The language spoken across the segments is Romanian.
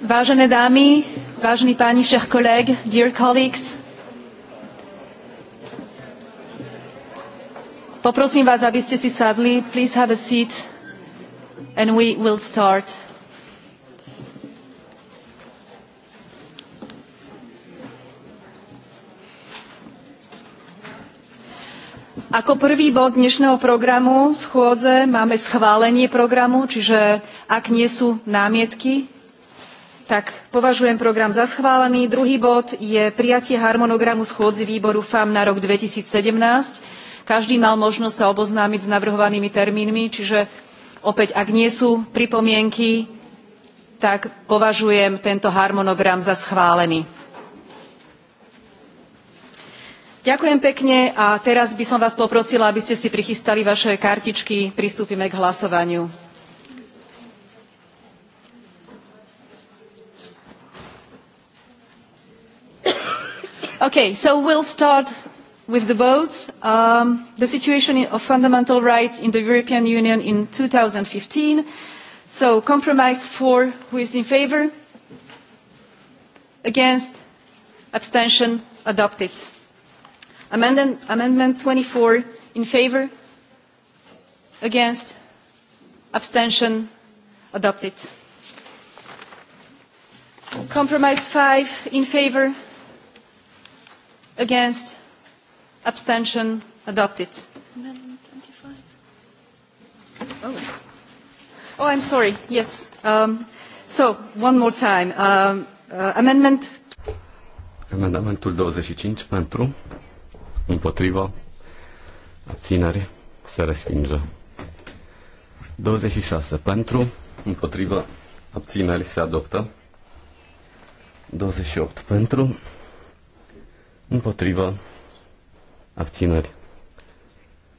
Vážené dámy, vážení páni, všech koleg, dear colleagues, poprosím vás, aby ste si sadli. Please have a seat and we will start. Ako prvý bod dnešného programu schôdze máme schválenie programu, čiže ak nie sú námietky, tak považujem program za schválený. Druhý bod je prijatie harmonogramu schôdzi výboru FAM na rok 2017. Každý mal možnosť sa oboznámiť s navrhovanými termínmi, čiže opäť, ak nie sú pripomienky, tak považujem tento harmonogram za schválený Ďakujem pekne a teraz by som vás poprosila, aby ste si prichystali vaše kartičky. Pristúpime k hlasovaniu. Okay, so we'll start with the votes. Um, the situation of fundamental rights in the European Union in 2015. So compromise for, who is in favour? Against? Abstention? Adopted. Amendment, amendment 24 in favour, against, abstention, adopted. Compromise 5 in favour, against, abstention, adopted. 25. Oh. Oh, I'm sorry. Yes. Um, so, one more time. Um, uh, amendment. Amendamentul 25 pentru împotriva, abținere, se respinge. 26 pentru, împotriva, abținere, se adoptă. 28 pentru, împotriva, abțineri.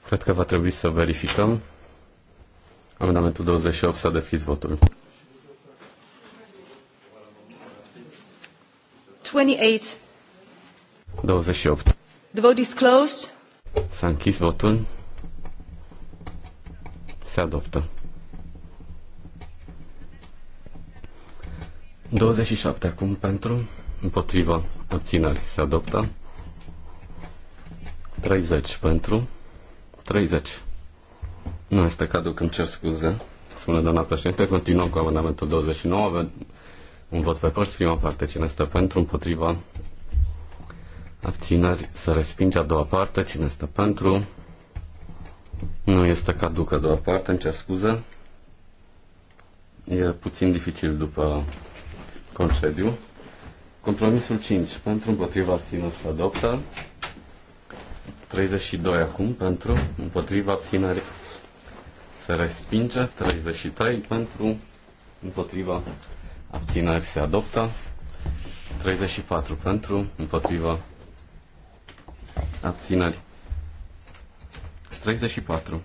Cred că va trebui să verificăm. Amendamentul 28 s-a deschis votul. 28. 28. The vote is closed. S-a închis votul. Se adoptă. 27 acum pentru, împotriva, abțineri, se adoptă. 30 pentru, 30. Nu este cadou când cer scuze, spune doamna președinte. Continuăm cu amendamentul 29, un vot pe părți, prima parte, cine este pentru, împotriva, abțineri, să respinge a doua parte, cine este pentru, nu este caducă a doua parte, îmi cer scuze, e puțin dificil după concediu. Compromisul 5, pentru, împotriva, abțineri, să adoptă, 32 acum, pentru, împotriva, abțineri, se respinge, 33 pentru, împotriva, abțineri se adoptă, 34 pentru, împotriva, abțineri. 34.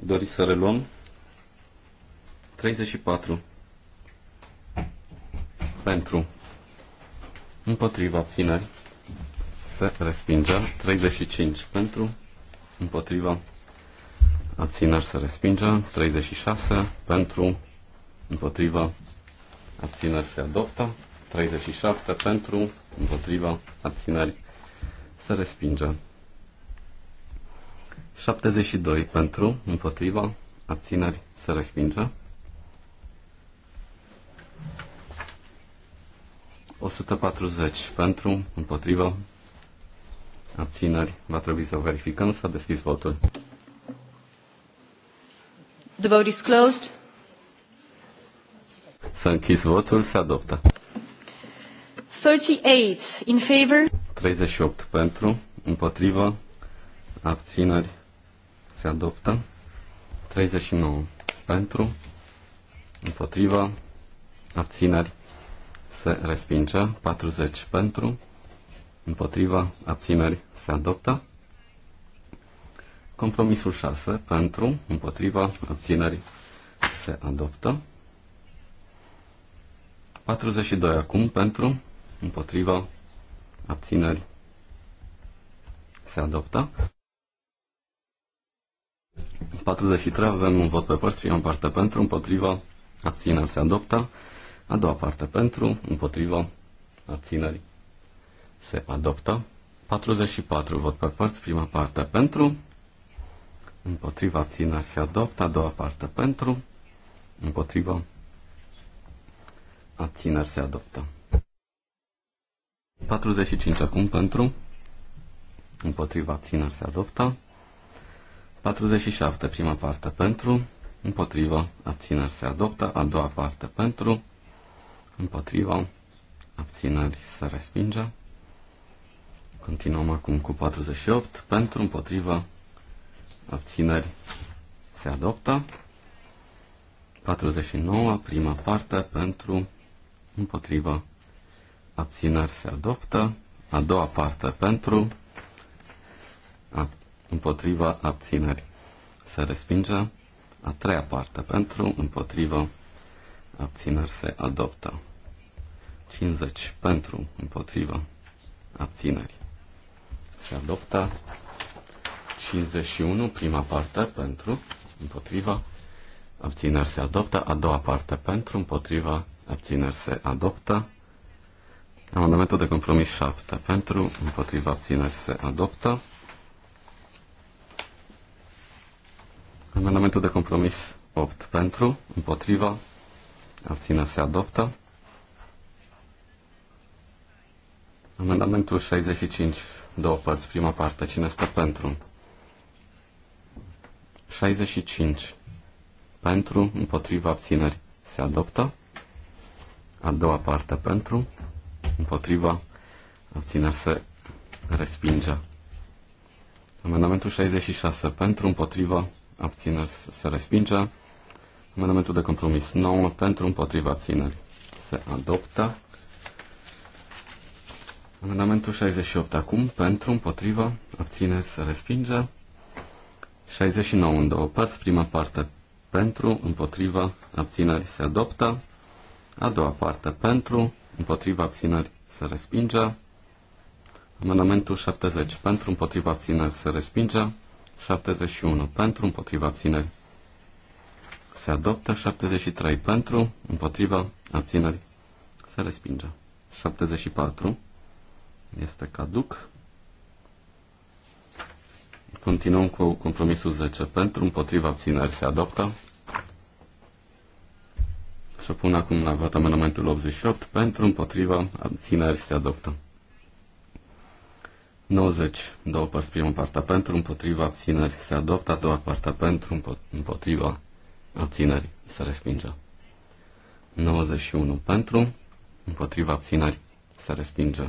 Doriți să reluăm? 34. Pentru. Împotriva abțineri. Se respinge. 35. Pentru. Împotriva. Abțineri se respinge. 36. Pentru. Împotriva. Abțineri se adoptă. 37. Pentru împotriva, abțineri, se respinge. 72 pentru, împotriva, abțineri, se respinge. 140 pentru, împotriva, abțineri, va trebui să verificăm, s-a deschis votul. The vote is closed. S-a închis votul, se adoptă. 38 in favor. 38 pentru, împotrivă, abțineri, se adoptă. 39 pentru, împotrivă, abțineri, se respinge. 40 pentru, împotriva, abțineri, se adoptă. Compromisul 6 pentru, împotriva, abțineri, se adoptă. 42 acum pentru, împotriva, abțineri, se adoptă. 43 avem un vot pe părți, prima parte pentru, împotriva, abțineri, se adoptă. A doua parte pentru, împotriva, abțineri, se adoptă. 44 vot pe părți, prima parte pentru, împotriva abțineri se adoptă, a doua parte pentru, împotriva abțineri se adoptă. 45 acum pentru. Împotriva țineri se adoptă. 47, prima parte pentru, împotriva, abțineri se adoptă, a doua parte pentru, împotriva, abțineri se respinge. Continuăm acum cu 48, pentru, împotriva, abțineri se adoptă. 49, prima parte pentru, împotriva, abțineri se adoptă. A doua parte pentru, a, împotriva abținerii se respinge. A treia parte pentru, împotriva abțineri se adoptă. 50 pentru, împotriva abținerii se adoptă. 51, prima parte pentru, împotriva abțineri se adoptă. A doua parte pentru, împotriva abțineri se adoptă. Amendamentul de compromis 7 pentru, împotriva abțineri se adoptă. Amendamentul de compromis 8 pentru, împotriva, abțineri se adoptă. Amendamentul 65, două părți, prima parte, cine stă pentru? 65, pentru, împotriva abțineri se adoptă. A doua parte pentru, împotriva, abține se respinge. Amendamentul 66 pentru, împotriva, abțineri se respinge. Amendamentul de compromis 9 pentru, împotriva, abțineri se adoptă. Amendamentul 68 acum, pentru, împotriva, abțineri se respinge. 69 în două părți, prima parte pentru, împotriva, abțineri se adoptă. A doua parte pentru, împotriva abțineri se respinge. Amendamentul 70 pentru împotriva abțineri se respinge. 71 pentru împotriva abțineri se adoptă. 73 pentru împotriva abțineri se respinge. 74 este caduc. Continuăm cu compromisul 10 pentru împotriva abțineri se adoptă pun acum la vot amendamentul 88 pentru, împotriva, abțineri se adoptă. 90. Două părți, prima parte pentru, împotriva, abțineri se adoptă, a doua parte pentru, împotriva, abțineri se respinge. 91 pentru, împotriva abținării se respinge.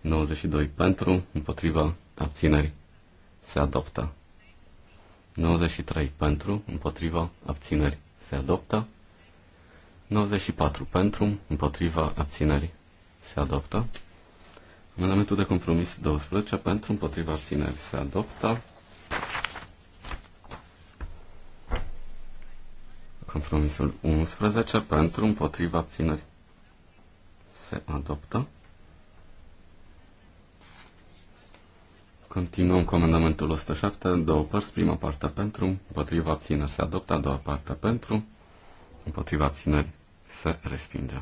92 pentru, împotriva abținării se adoptă. 93 pentru, împotriva abținării se adoptă. 94 pentru, împotriva abținerii se adoptă. Amendamentul de compromis 12 pentru, împotriva abținerii se adoptă. Compromisul 11 pentru, împotriva abținerii se adoptă. Continuăm cu amendamentul 107, două părți, prima parte pentru, împotriva abținerii. se adoptă, a doua parte pentru, împotriva abținerii se respinge.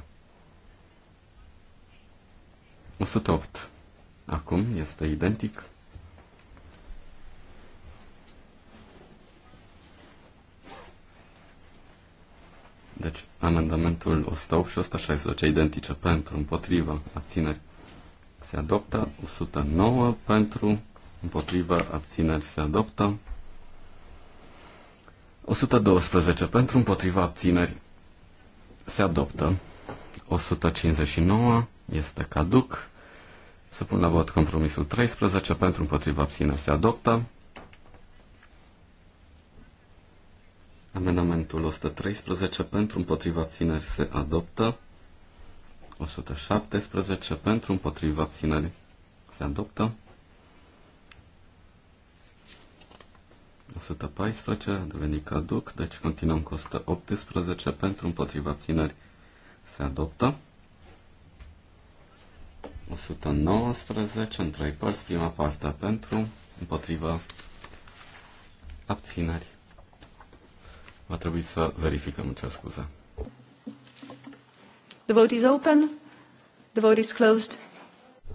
108. Acum este identic. Deci, amendamentul 108 și 116 identice pentru, împotriva, abțineri se adoptă, 109 pentru, împotriva, abțineri se adoptă, 112 pentru, împotriva, abțineri se adoptă. 159 este caduc. pun la vot compromisul 13 pentru împotriva abțineri se adoptă. Amendamentul 113 pentru împotriva abținerii se adoptă. 117 pentru împotriva abținerii se adoptă. 114 a devenit caduc, deci continuăm cu 118 pentru împotriva ținării. se adoptă. 119 în trei părți, prima parte pentru împotriva abținării. Va trebui să verificăm ce scuză. The vote is open. The vote is closed.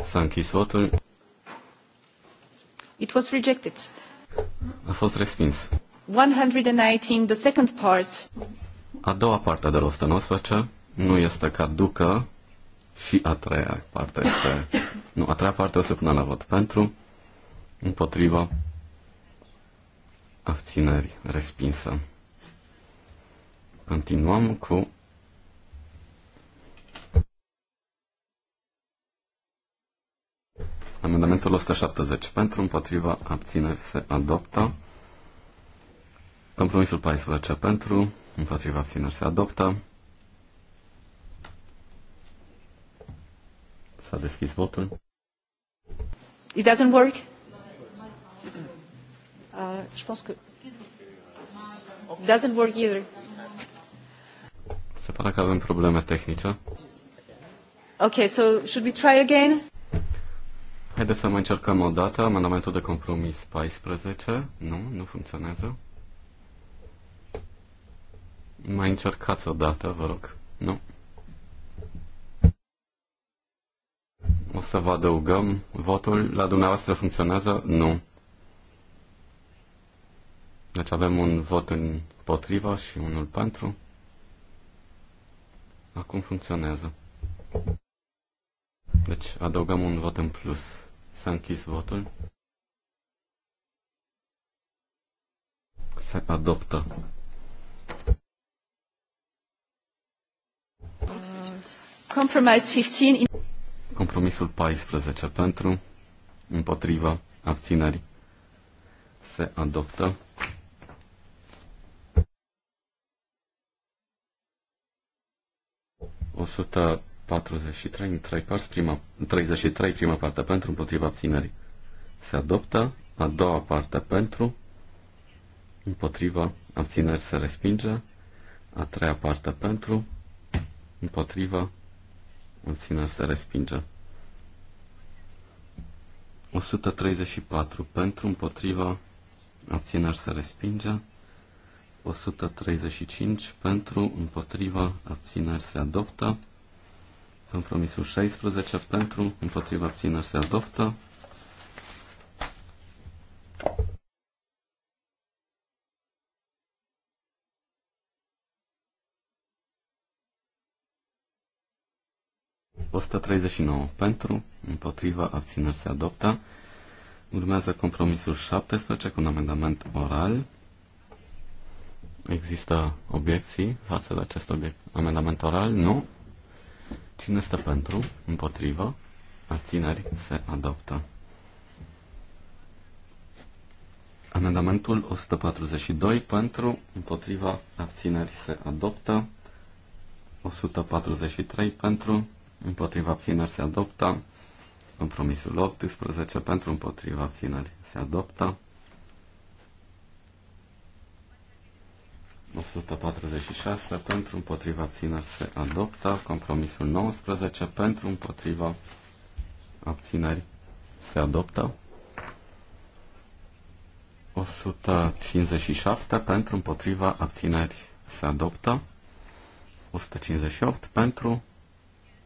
S-a închis votul. It was rejected. A fost respins. 119, the second part. A doua parte de la 119 nu este caducă și a treia parte este... nu, a treia parte o să pună la vot pentru, împotriva, abțineri, respinsă. Continuăm cu Amendamentul 170 pentru, împotriva, abțineri se adoptă. Compromisul 14 pentru, împotriva, abțineri se adoptă. S-a deschis votul. It doesn't work? Uh, It doesn't work either. Se pare că avem probleme tehnice. Okay, so should we try again? Haideți să mai încercăm o dată. Amendamentul de compromis 14. Nu, nu funcționează. Mai încercați o dată, vă rog. Nu. O să vă adăugăm votul. La dumneavoastră funcționează? Nu. Deci avem un vot potrivă și unul pentru. Acum funcționează. Deci adăugăm un vot în plus. S-a închis votul. Se adoptă. Compromisul 14 pentru, împotriva, abțineri. Se adoptă. O 43 3 părți, prima, 33 prima parte pentru, împotriva abținerii. Se adoptă a doua parte pentru, împotriva abțineri se respinge, a treia parte pentru, împotriva abțineri se respinge. 134 pentru, împotriva abțineri se respinge. 135 pentru, împotriva abțineri se adoptă. Compromisul 16 pentru, împotriva abțineri se adoptă. Osta 39 pentru, împotriva abțineri se adoptă. Urmează compromisul 17 cu un amendament oral. Există obiecții față de acest obiect. amendament oral? Nu. Cine stă pentru? Împotrivă? Abțineri? Se adoptă. Amendamentul 142 pentru, împotriva, abțineri se adoptă. 143 pentru, împotriva, abțineri se adoptă. Compromisul 18 pentru, împotriva, abțineri se adoptă. 146 pentru împotriva abțineri se adoptă, compromisul 19 pentru împotriva abțineri se adoptă, 157 pentru împotriva abțineri se adoptă, 158 pentru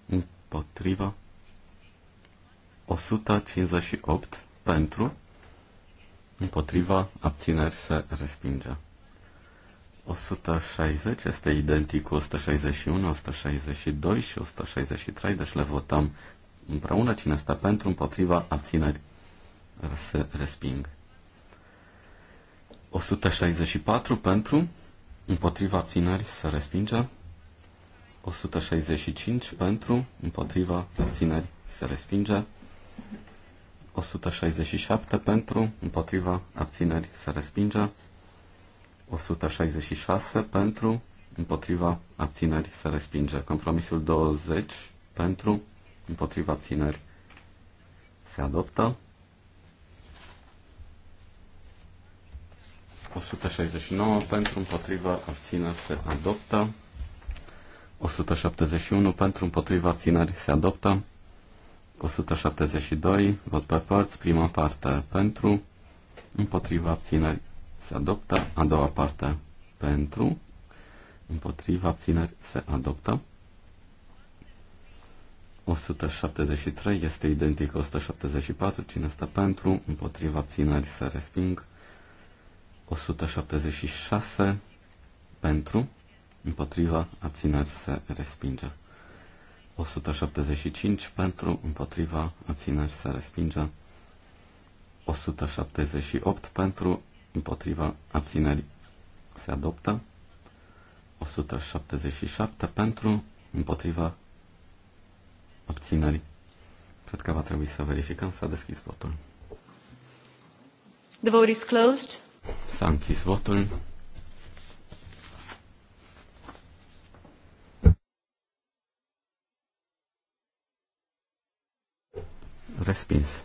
împotriva 158 pentru împotriva abțineri se respinge. 160 este identic cu 161, 162 și 163, deci le votăm împreună. Cine stă pentru, împotriva, abțineri, se resping. 164 pentru, împotriva, abțineri, se respinge. 165 pentru, împotriva, abțineri, se respinge. 167 pentru, împotriva, abțineri, se respinge. 166 pentru, împotriva abțineri se respinge. Compromisul 20 pentru, împotriva abțineri se adoptă. 169 pentru, împotriva abțineri se adoptă. 171 pentru, împotriva abțineri se adoptă. 172, vot pe părți, prima parte pentru, împotriva abțineri se adoptă. A doua parte pentru, împotriva abțineri se adoptă. 173 este identic 174, cine stă pentru, împotriva abțineri se resping. 176 pentru, împotriva abțineri se respinge. 175 pentru, împotriva abțineri se respinge. 178 pentru, împotriva abținerii se adoptă. 177 pentru, împotriva abținerii. Cred că va trebui să verificăm. S-a deschis votul. The vote is closed. S-a închis votul. Respins.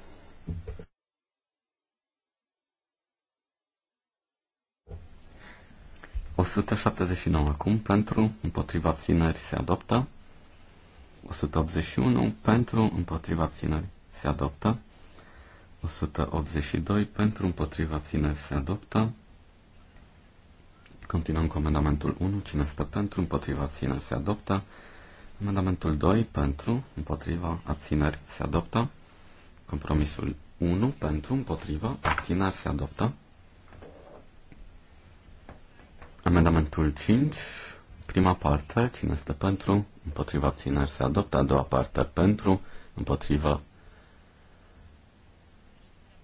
179 acum pentru, împotriva abținerii se adoptă. 181 pentru, împotriva abținerii se adoptă. 182 pentru, împotriva abținerii se adoptă. Continuăm cu amendamentul 1. Cine stă pentru, împotriva abținerii se adoptă. Amendamentul 2 pentru, împotriva abținerii se adoptă. Compromisul 1 pentru, împotriva abținerii se adoptă. Amendamentul 5, prima parte, cine este pentru, împotriva abțineri se adoptă, a doua parte pentru, împotriva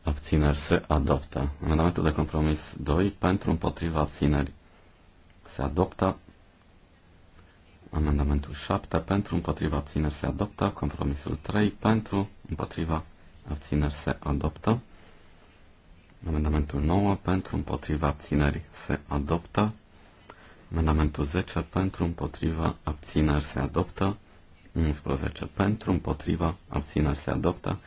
abțineri se adoptă. Amendamentul de compromis 2, pentru, împotriva abțineri se adoptă. Amendamentul 7, pentru, împotriva abțineri se adoptă. Compromisul 3, pentru, împotriva abțineri se adoptă. Amendamentul 9, pentru, împotriva abțineri se adoptă. Mandamentul 10 pentru, împotriva, abțineri se adoptă. 11 pentru, împotriva, abțineri se adoptă.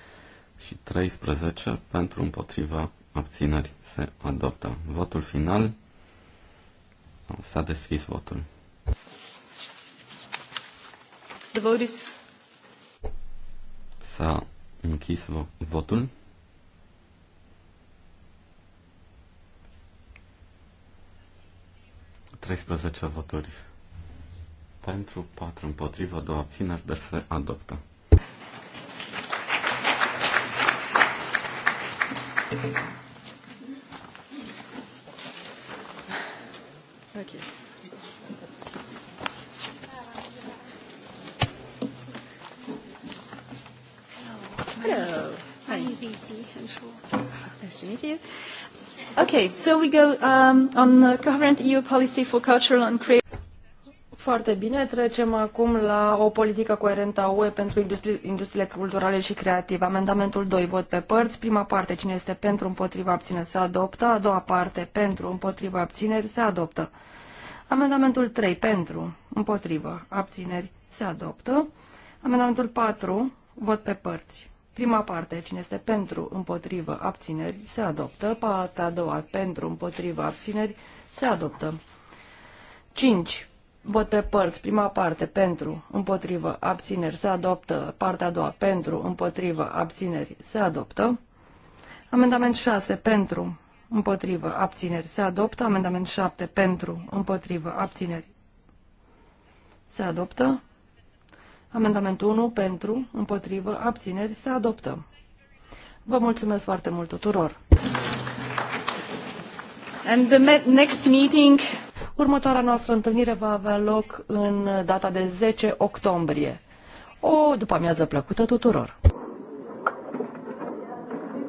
Și 13 pentru, împotriva, abțineri se adoptă. Votul final. S-a deschis votul. The vote is... S-a închis vo- votul. 13 voturi pentru, 4 împotrivă, 2 abțineri, deci se adoptă. Okay. Hello. Hello. Hi. Hi. Nice to meet you. Okay, so we go um, on coherent EU policy for cultural and creative. Foarte bine, trecem acum la o politică coerentă a UE pentru industri industriile culturale și creative. Amendamentul 2, vot pe părți. Prima parte, cine este pentru, împotriva, abține, se adoptă. A doua parte, pentru, împotriva, abțineri, se adoptă. Amendamentul 3, pentru, împotriva, abțineri, se adoptă. Amendamentul 4, vot pe părți. Prima parte, cine este pentru, împotrivă, abțineri, se adoptă. Partea a doua, pentru, împotrivă, abțineri, se adoptă. 5. Vot pe părți. Prima parte, pentru, împotrivă, abțineri, se adoptă. Partea a doua, pentru, împotrivă, abțineri, se adoptă. Amendament 6, pentru, împotrivă, abțineri, se adoptă. Amendament 7, pentru, împotrivă, abțineri, se adoptă. Amendamentul 1 pentru, împotrivă, abțineri, se adoptă. Vă mulțumesc foarte mult tuturor! And the next meeting... Următoarea noastră întâlnire va avea loc în data de 10 octombrie. O după amiază plăcută tuturor!